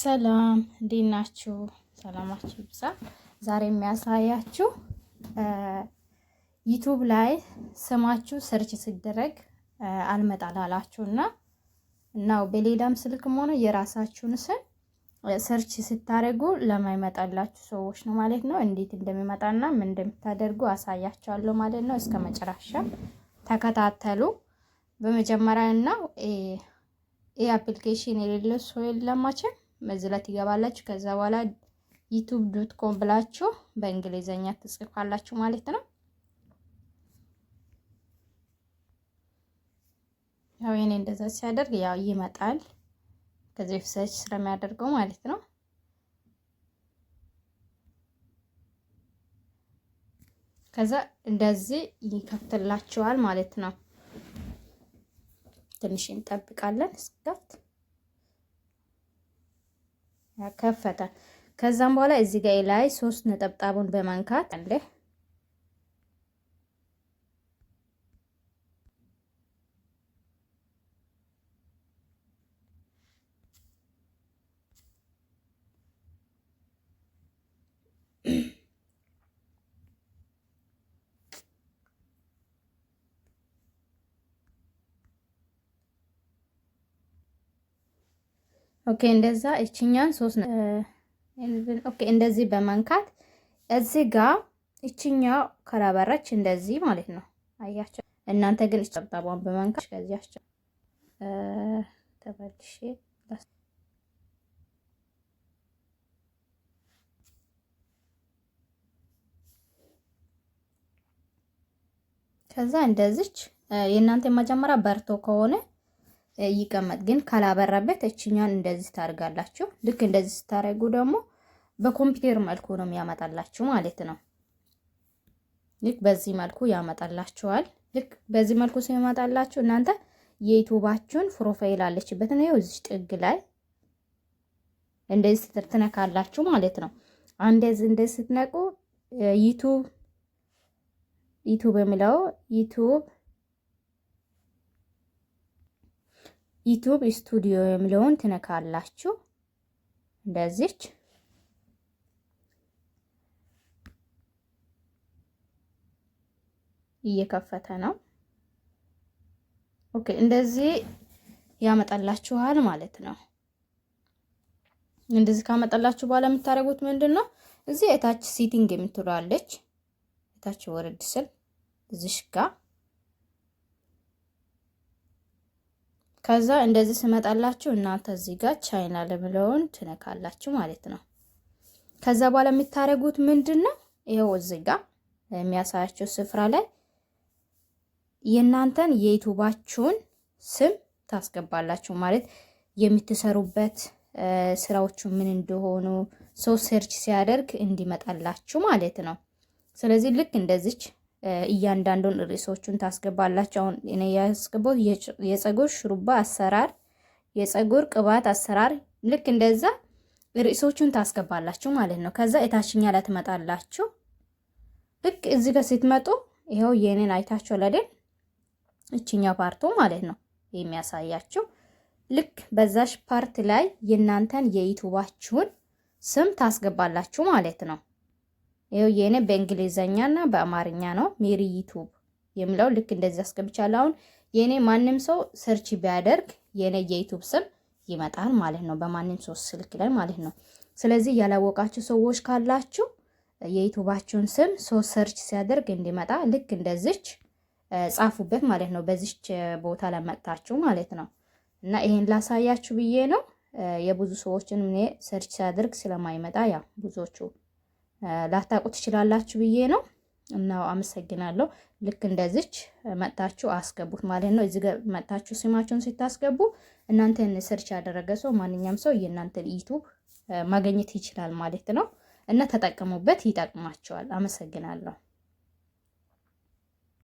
ሰላም እንዴት ናችሁ? ሰላማችሁ ይብዛ። ዛሬ የሚያሳያችሁ ዩቱብ ላይ ስማችሁ ሰርች ሲደረግ አልመጣላላችሁ እና እናው በሌላም ስልክም ሆነ የራሳችሁን ስም ሰርች ስታደርጉ ለማይመጣላችሁ ሰዎች ነው ማለት ነው። እንዴት እንደሚመጣና ምን እንደምታደርጉ አሳያችኋለሁ ማለት ነው። እስከ መጨረሻ ተከታተሉ። በመጀመሪያ እና ይህ አፕሊኬሽን የሌለው ሰው የለማችን መዝለት ይገባላችሁ። ከዛ በኋላ ዩቱብ ዶት ኮም ብላችሁ በእንግሊዘኛ ትጽፋላችሁ ማለት ነው። ያው የኔ እንደዛ ሲያደርግ ያው ይመጣል። ከዚህ ፍሰች ስለሚያደርገው ማለት ነው። ከዛ እንደዚህ ይከፍትላችኋል ማለት ነው። ትንሽ እንጠብቃለን እስከፍት ከፈተ። ከዛም በኋላ እዚህ ጋር ላይ ሶስት ነጠብጣቡን በማንካት አለ ኦኬ እንደዛ እችኛን ሶስት ኦኬ እንደዚህ በመንካት እዚህ ጋ እችኛ ከራበረች እንደዚህ ማለት ነው። አያቸው እናንተ ግን ጨብጣቧን በመንካት ከዚያቸው ተበልሼ ከዛ እንደዚች የእናንተ መጀመሪያ በርቶ ከሆነ ይቀመጥ። ግን ካላበራበት እችኛን እንደዚህ ታደርጋላችሁ። ልክ እንደዚህ ስታደርጉ ደግሞ በኮምፒውተር መልኩ ነው የሚያመጣላችሁ ማለት ነው። ልክ በዚህ መልኩ ያመጣላችኋል። ልክ በዚህ መልኩ ሲመጣላችሁ እናንተ የዩቱባችሁን ፕሮፋይል አለችበት ነው እዚህ ጥግ ላይ እንደዚህ ትነካላችሁ ማለት ነው። አንደዚህ እንደዚህ ስትነቁ ዩቱብ ዩቱብ የሚለው ዩቱብ ዩቱብ ስቱዲዮ የምለውን ትነካላችሁ። እንደዚች እየከፈተ ነው። ኦኬ እንደዚህ ያመጣላችኋል ማለት ነው። እንደዚህ ካመጣላችሁ በኋላ የምታደርጉት ምንድን ነው? እዚህ የታች ሲቲንግ የምትለዋለች የታች ወረድ ስል እዚሽ ጋር ከዛ እንደዚህ ስመጣላችሁ እናንተ እዚህ ጋር ቻይና ለምለውን ትነካላችሁ ማለት ነው። ከዛ በኋላ የምታደርጉት ምንድን ነው? ይኸው እዚህ ጋር የሚያሳያቸው ስፍራ ላይ የእናንተን የዩቱባችሁን ስም ታስገባላችሁ ማለት የምትሰሩበት ስራዎቹ ምን እንደሆኑ ሰው ሰርች ሲያደርግ እንዲመጣላችሁ ማለት ነው። ስለዚህ ልክ እንደዚች እያንዳንዱን ርዕሶቹን ታስገባላችሁ። አሁን እኔ ያስገባሁት የፀጉር ሹሩባ አሰራር፣ የፀጉር ቅባት አሰራር፣ ልክ እንደዛ ርዕሶቹን ታስገባላችሁ ማለት ነው። ከዛ የታችኛ ላይ ትመጣላችሁ። ልክ እዚህ ጋር ስትመጡ ይኸው የእኔን አይታችሁ ለደን እችኛ ፓርቱ ማለት ነው የሚያሳያችሁ። ልክ በዛሽ ፓርት ላይ የእናንተን የዩቱባችሁን ስም ታስገባላችሁ ማለት ነው። ይኸው የኔ በእንግሊዘኛ እና በአማርኛ ነው። ሜሪ ዩቱብ የሚለው ልክ እንደዚህ አስገብቻለሁ። አሁን የኔ ማንም ሰው ሰርች ቢያደርግ የኔ የዩቱብ ስም ይመጣል ማለት ነው፣ በማንም ሰው ስልክ ላይ ማለት ነው። ስለዚህ ያላወቃችሁ ሰዎች ካላችሁ የዩቱባችሁን ስም ሰው ሰርች ሲያደርግ እንዲመጣ ልክ እንደዚች ጻፉበት ማለት ነው። በዚች ቦታ ላይ ማለት ነው። እና ይሄን ላሳያችሁ ብዬ ነው የብዙ ሰዎችን እኔ ሰርች ሲያደርግ ስለማይመጣ ያ ብዙዎቹ ላታውቁ ትችላላችሁ ብዬ ነው። እና አመሰግናለሁ። ልክ እንደዚች መጣችሁ አስገቡት ማለት ነው። እዚህ መጣችሁ ስማችሁን ስታስገቡ እናንተን ሰርች ያደረገ ሰው ማንኛውም ሰው የእናንተን ዩቱብ ማገኘት ይችላል ማለት ነው። እና ተጠቀሙበት፣ ይጠቅማቸዋል። አመሰግናለሁ።